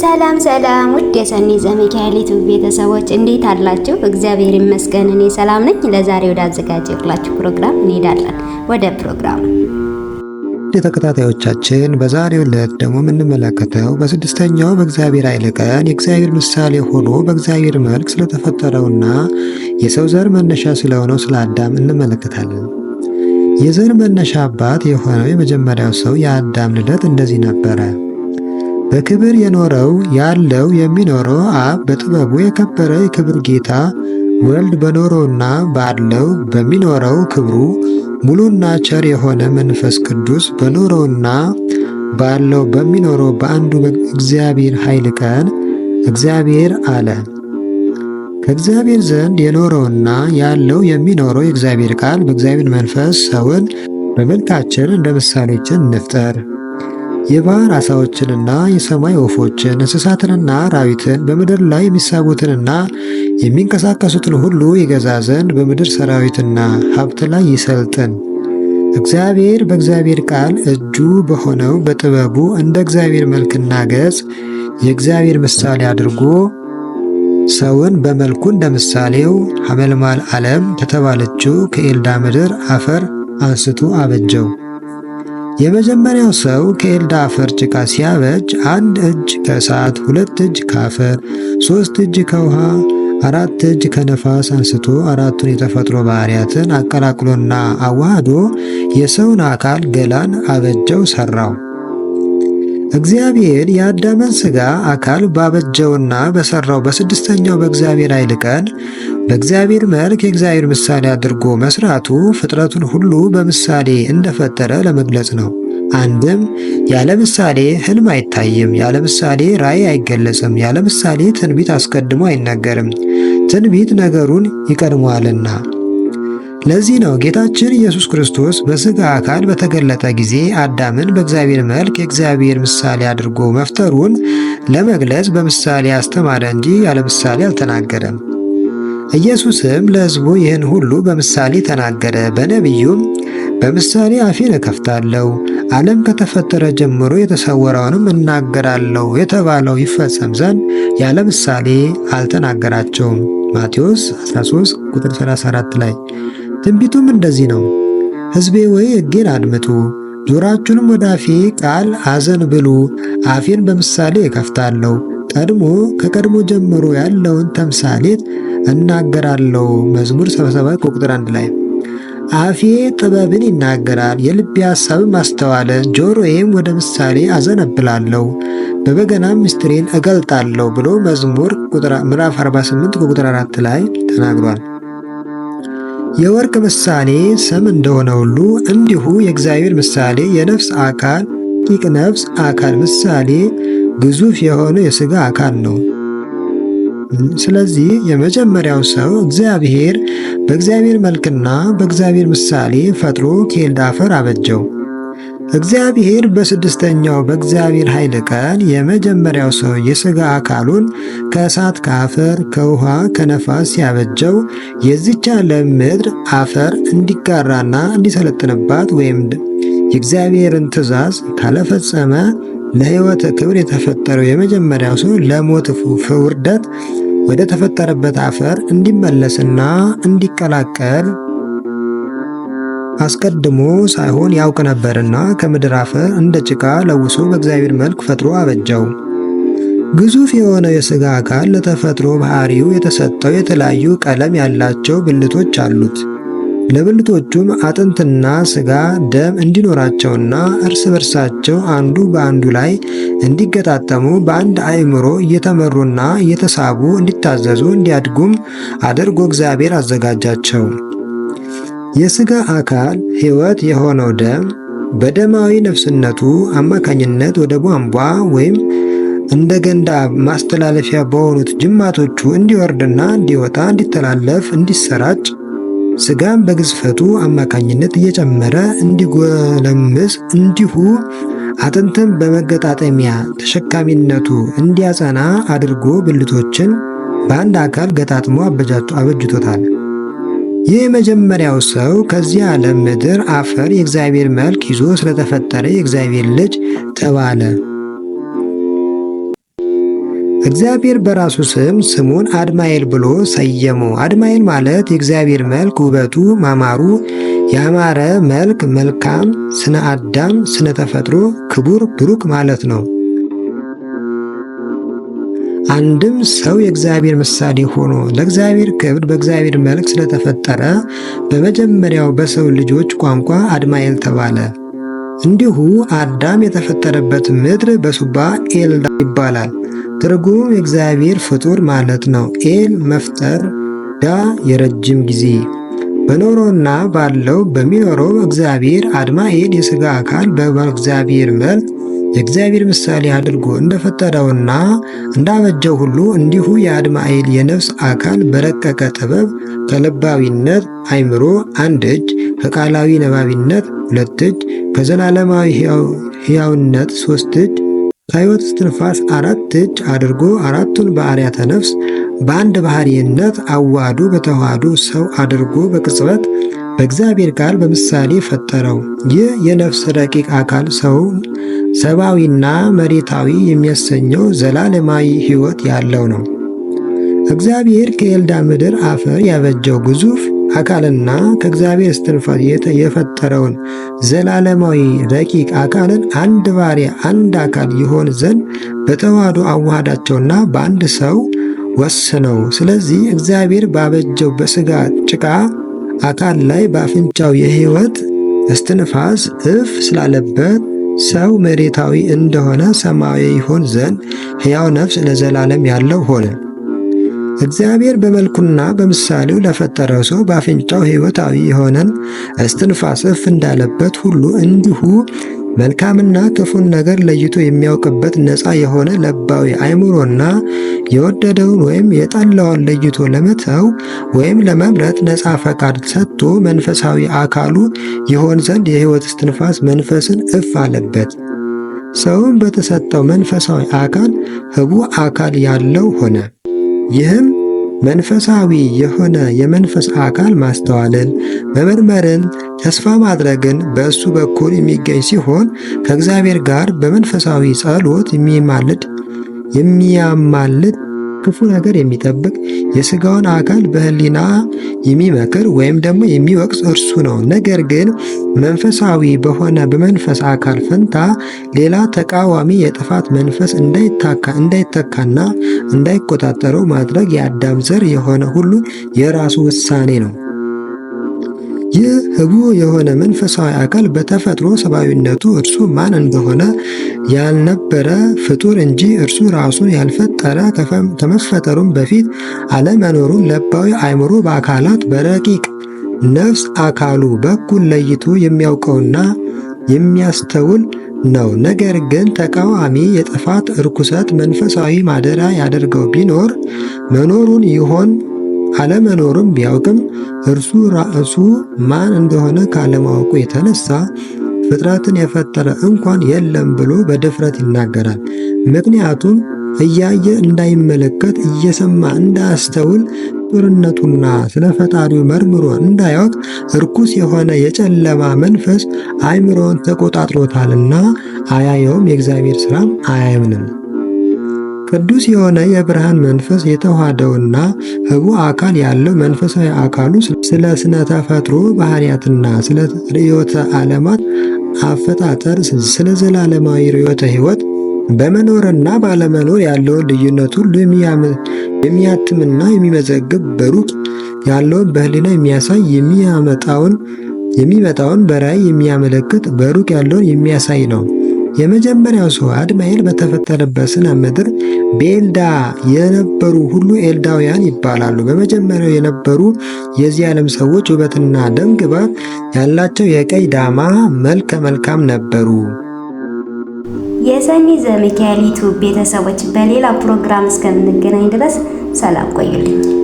ሰላም ሰላም ውድ የሰኒ ዘሚካኤል ዩቲዩብ ቤተሰቦች እንዴት አላችሁ? እግዚአብሔር ይመስገን እኔ ሰላም ነኝ። ለዛሬ ወደ አዘጋጀሁላችሁ ፕሮግራም እንሄዳለን። ወደ ፕሮግራም ተከታታዮቻችን በዛሬው ዕለት ደግሞ የምንመለከተው በስድስተኛው በእግዚአብሔር ኃይል ቀን የእግዚአብሔር ምሳሌ ሆኖ በእግዚአብሔር መልክ ስለተፈጠረውና የሰው ዘር መነሻ ስለሆነው ስለ አዳም እንመለከታለን። የዘር መነሻ አባት የሆነው የመጀመሪያው ሰው የአዳም ልደት እንደዚህ ነበረ። በክብር የኖረው ያለው የሚኖረው አብ በጥበቡ የከበረ የክብር ጌታ ወልድ በኖረውና ባለው በሚኖረው ክብሩ ሙሉና ቸር የሆነ መንፈስ ቅዱስ በኖረውና ባለው በሚኖረው በአንዱ እግዚአብሔር ኃይል ቀን እግዚአብሔር አለ። ከእግዚአብሔር ዘንድ የኖረውና ያለው የሚኖረው የእግዚአብሔር ቃል በእግዚአብሔር መንፈስ ሰውን በመልካችን እንደ ምሳሌችን እንፍጠር። የባህር አሳዎችንና የሰማይ ወፎችን እንስሳትንና አራዊትን በምድር ላይ የሚሳቡትንና የሚንቀሳቀሱትን ሁሉ ይገዛ ዘንድ በምድር ሰራዊትና ሀብት ላይ ይሰልጥን። እግዚአብሔር በእግዚአብሔር ቃል እጁ በሆነው በጥበቡ እንደ እግዚአብሔር መልክና ገጽ የእግዚአብሔር ምሳሌ አድርጎ ሰውን በመልኩ እንደ ምሳሌው ሐመልማል ዓለም ከተባለችው ከኤልዳ ምድር አፈር አንስቶ አበጀው። የመጀመሪያው ሰው ከኤልዳ አፈር ጭቃ ሲያበጅ አንድ እጅ ከእሳት፣ ሁለት እጅ ከአፈር፣ ሶስት እጅ ከውሃ፣ አራት እጅ ከነፋስ አንስቶ አራቱን የተፈጥሮ ባህሪያትን አቀላቅሎና አዋህዶ የሰውን አካል ገላን አበጀው ሰራው። እግዚአብሔር የአዳምን ሥጋ አካል ባበጀውና በሰራው በስድስተኛው በእግዚአብሔር ኃይል ቀን በእግዚአብሔር መልክ የእግዚአብሔር ምሳሌ አድርጎ መስራቱ ፍጥረቱን ሁሉ በምሳሌ እንደፈጠረ ለመግለጽ ነው። አንድም ያለ ምሳሌ ህልም አይታይም፣ ያለ ምሳሌ ራእይ አይገለጽም፣ ያለ ምሳሌ ትንቢት አስቀድሞ አይነገርም፣ ትንቢት ነገሩን ይቀድመዋልና። ለዚህ ነው ጌታችን ኢየሱስ ክርስቶስ በሥጋ አካል በተገለጠ ጊዜ አዳምን በእግዚአብሔር መልክ የእግዚአብሔር ምሳሌ አድርጎ መፍጠሩን ለመግለጽ በምሳሌ አስተማረ እንጂ ያለ ምሳሌ አልተናገረም። ኢየሱስም ለሕዝቡ ይህን ሁሉ በምሳሌ ተናገረ። በነቢዩም በምሳሌ አፌን እከፍታለሁ፣ ዓለም ከተፈጠረ ጀምሮ የተሰወረውንም እናገራለሁ የተባለው ይፈጸም ዘንድ ያለ ምሳሌ አልተናገራቸውም። ማቴዎስ 13 ቁጥር 34 ላይ ትንቢቱም እንደዚህ ነው። ሕዝቤ ወይ ሕጌን አድምጡ፣ ጆራችሁንም ወደ አፌ ቃል አዘን ብሉ። አፌን በምሳሌ እከፍታለሁ ቀድሞ ከቀድሞ ጀምሮ ያለውን ተምሳሌት እናገራለሁ። መዝሙር 77 ቁጥር 1 ላይ አፌ ጥበብን ይናገራል፣ የልቤ ሐሳብም ማስተዋለ፣ ጆሮዬም ወደ ምሳሌ አዘነብላለሁ፣ በበገና ምስጢሬን እገልጣለሁ ብሎ መዝሙር ምዕራፍ 48 ቁጥር 4 ላይ ተናግሯል። የወርቅ ምሳሌ ስም እንደሆነ ሁሉ እንዲሁ የእግዚአብሔር ምሳሌ የነፍስ አካል ቂቅ ነፍስ አካል ምሳሌ ግዙፍ የሆነ የሥጋ አካል ነው። ስለዚህ የመጀመሪያው ሰው እግዚአብሔር በእግዚአብሔር መልክና በእግዚአብሔር ምሳሌ ፈጥሮ ከኤልድ አፈር አበጀው። እግዚአብሔር በስድስተኛው በእግዚአብሔር ኃይል ቀን የመጀመሪያው ሰው የሥጋ አካሉን ከእሳት ከአፈር ከውኃ ከነፋስ ያበጀው የዚች ዓለም ምድር አፈር እንዲጋራና እንዲሰለጥንባት ወይም የእግዚአብሔርን ትእዛዝ ካለፈጸመ ለህይወት ክብር የተፈጠረው የመጀመሪያው ሰው ለሞት ውርደት ወደ ተፈጠረበት አፈር እንዲመለስና እንዲቀላቀል አስቀድሞ ሳይሆን ያውቅ ነበርና ከምድር አፈር እንደ ጭቃ ለውሶ በእግዚአብሔር መልክ ፈጥሮ አበጀው። ግዙፍ የሆነው የሥጋ አካል ለተፈጥሮ ባህሪው የተሰጠው የተለያዩ ቀለም ያላቸው ብልቶች አሉት። ለብልቶቹም አጥንትና ስጋ ደም እንዲኖራቸውና እርስ በርሳቸው አንዱ በአንዱ ላይ እንዲገጣጠሙ በአንድ አእምሮ እየተመሩና እየተሳቡ እንዲታዘዙ እንዲያድጉም አድርጎ እግዚአብሔር አዘጋጃቸው። የስጋ አካል ሕይወት የሆነው ደም በደማዊ ነፍስነቱ አማካኝነት ወደ ቧንቧ ወይም እንደ ገንዳ ማስተላለፊያ በሆኑት ጅማቶቹ እንዲወርድና እንዲወጣ እንዲተላለፍ እንዲሰራጭ ስጋም በግዝፈቱ አማካኝነት እየጨመረ እንዲጎለምስ እንዲሁ አጥንትን በመገጣጠሚያ ተሸካሚነቱ እንዲያጸና አድርጎ ብልቶችን በአንድ አካል ገጣጥሞ አበጅቶታል። ይህ መጀመሪያው ሰው ከዚህ ዓለም ምድር አፈር የእግዚአብሔር መልክ ይዞ ስለተፈጠረ የእግዚአብሔር ልጅ ተባለ። እግዚአብሔር በራሱ ስም ስሙን አድማኤል ብሎ ሰየመው። አድማኤል ማለት የእግዚአብሔር መልክ፣ ውበቱ፣ ማማሩ ያማረ መልክ፣ መልካም፣ ስነ አዳም፣ ስነ ተፈጥሮ፣ ክቡር፣ ብሩክ ማለት ነው። አንድም ሰው የእግዚአብሔር ምሳሌ ሆኖ ለእግዚአብሔር ክብር በእግዚአብሔር መልክ ስለተፈጠረ በመጀመሪያው በሰው ልጆች ቋንቋ አድማኤል ተባለ። እንዲሁ አዳም የተፈጠረበት ምድር በሱባ ኤልዳ ይባላል። ትርጉም እግዚአብሔር ፍጡር ማለት ነው። ኤል መፍጠር፣ ዳ የረጅም ጊዜ በኖሮና ባለው በሚኖረው እግዚአብሔር አድማ ኤል የሥጋ አካል በእግዚአብሔር መልክ የእግዚአብሔር ምሳሌ አድርጎ እንደፈጠረውና እንዳበጀው ሁሉ እንዲሁ የአድማኤል የነፍስ አካል በረቀቀ ጥበብ ከልባዊነት አይምሮ አንድ እጅ፣ ከቃላዊ ነባቢነት ሁለት እጅ፣ ከዘላለማዊ ሕያውነት ሶስት እጅ ከሕይወት እስትንፋስ አራት እጅ አድርጎ አራቱን ባሕርያተ ነፍስ በአንድ ባሕርይነት አዋህዶ በተዋህዶ ሰው አድርጎ በቅጽበት በእግዚአብሔር ቃል በምሳሌ ፈጠረው። ይህ የነፍስ ረቂቅ አካል ሰው ሰብአዊና መሬታዊ የሚያሰኘው ዘላለማዊ ሕይወት ያለው ነው። እግዚአብሔር ከኤልዳ ምድር አፈር ያበጀው ግዙፍ አካልና ከእግዚአብሔር እስትንፋስ የፈጠረውን ዘላለማዊ ረቂቅ አካልን አንድ ባሪያ አንድ አካል ይሆን ዘንድ በተዋህዶ አዋሃዳቸውና በአንድ ሰው ወስነው። ስለዚህ እግዚአብሔር ባበጀው በስጋ ጭቃ አካል ላይ በአፍንጫው የህይወት እስትንፋስ እፍ ስላለበት ሰው መሬታዊ እንደሆነ ሰማያዊ ይሆን ዘንድ ሕያው ነፍስ ለዘላለም ያለው ሆነ። እግዚአብሔር በመልኩና በምሳሌው ለፈጠረው ሰው በአፍንጫው ሕይወታዊ የሆነን እስትንፋስ እፍ እንዳለበት ሁሉ እንዲሁ መልካምና ክፉን ነገር ለይቶ የሚያውቅበት ነፃ የሆነ ለባዊ አይምሮና የወደደውን ወይም የጠላውን ለይቶ ለመተው ወይም ለመምረጥ ነፃ ፈቃድ ሰጥቶ መንፈሳዊ አካሉ ይሆን ዘንድ የሕይወት እስትንፋስ መንፈስን እፍ አለበት። ሰውም በተሰጠው መንፈሳዊ አካል ህቡ አካል ያለው ሆነ። ይህም መንፈሳዊ የሆነ የመንፈስ አካል ማስተዋልን፣ መመርመርን፣ ተስፋ ማድረግን በእሱ በኩል የሚገኝ ሲሆን ከእግዚአብሔር ጋር በመንፈሳዊ ጸሎት የሚማልድ የሚያማልድ ክፉ ነገር የሚጠብቅ የሥጋውን አካል በህሊና የሚመክር ወይም ደግሞ የሚወቅስ እርሱ ነው። ነገር ግን መንፈሳዊ በሆነ በመንፈስ አካል ፈንታ ሌላ ተቃዋሚ የጥፋት መንፈስ እንዳይተካና እንዳይቆጣጠረው ማድረግ የአዳም ዘር የሆነ ሁሉ የራሱ ውሳኔ ነው። ይህ ህቡ የሆነ መንፈሳዊ አካል በተፈጥሮ ሰብአዊነቱ እርሱ ማን እንደሆነ ያልነበረ ፍጡር እንጂ እርሱ ራሱን ያልፈጠረ ከመፈጠሩም በፊት አለመኖሩን ለባዊ አእምሮ በአካላት በረቂቅ ነፍስ አካሉ በኩል ለይቶ የሚያውቀውና የሚያስተውል ነው። ነገር ግን ተቃዋሚ የጥፋት እርኩሰት መንፈሳዊ ማደሪያ ያደርገው ቢኖር መኖሩን ይሆን አለመኖርም ቢያውቅም እርሱ ራእሱ ማን እንደሆነ ካለማወቁ የተነሳ ፍጥረትን የፈጠረ እንኳን የለም ብሎ በድፍረት ይናገራል። ምክንያቱም እያየ እንዳይመለከት እየሰማ እንዳያስተውል ጥርነቱና ስለ ፈጣሪው መርምሮ እንዳያውቅ እርኩስ የሆነ የጨለማ መንፈስ አእምሮውን ተቆጣጥሮታልና አያየውም፣ የእግዚአብሔር ሥራም አያየምንም። ቅዱስ የሆነ የብርሃን መንፈስ የተዋሃደውና ህቡዕ አካል ያለው መንፈሳዊ አካሉ ስለ ስነ ተፈጥሮ ባህርያትና ስለ ርዕዮተ ዓለማት አፈጣጠር ስለ ዘላለማዊ ርዕዮተ ህይወት በመኖርና ባለመኖር ያለውን ልዩነት ሁሉ የሚያትምና የሚመዘግብ በሩቅ ያለውን በህሊና የሚያሳይ የሚያመጣውን የሚመጣውን በራእይ የሚያመለክት በሩቅ ያለውን የሚያሳይ ነው። የመጀመሪያው ሰው አድማኤል በተፈጠረበት ስነ ምድር ቤልዳ የነበሩ ሁሉ ኤልዳውያን ይባላሉ። በመጀመሪያው የነበሩ የዚህ ዓለም ሰዎች ውበትና ደም ግባት ያላቸው የቀይ ዳማ መልከ መልካም ነበሩ። የሰኒ ዘሚካኤል ቤተሰቦች በሌላ ፕሮግራም እስከምንገናኝ ድረስ ሰላም ቆዩልኝ።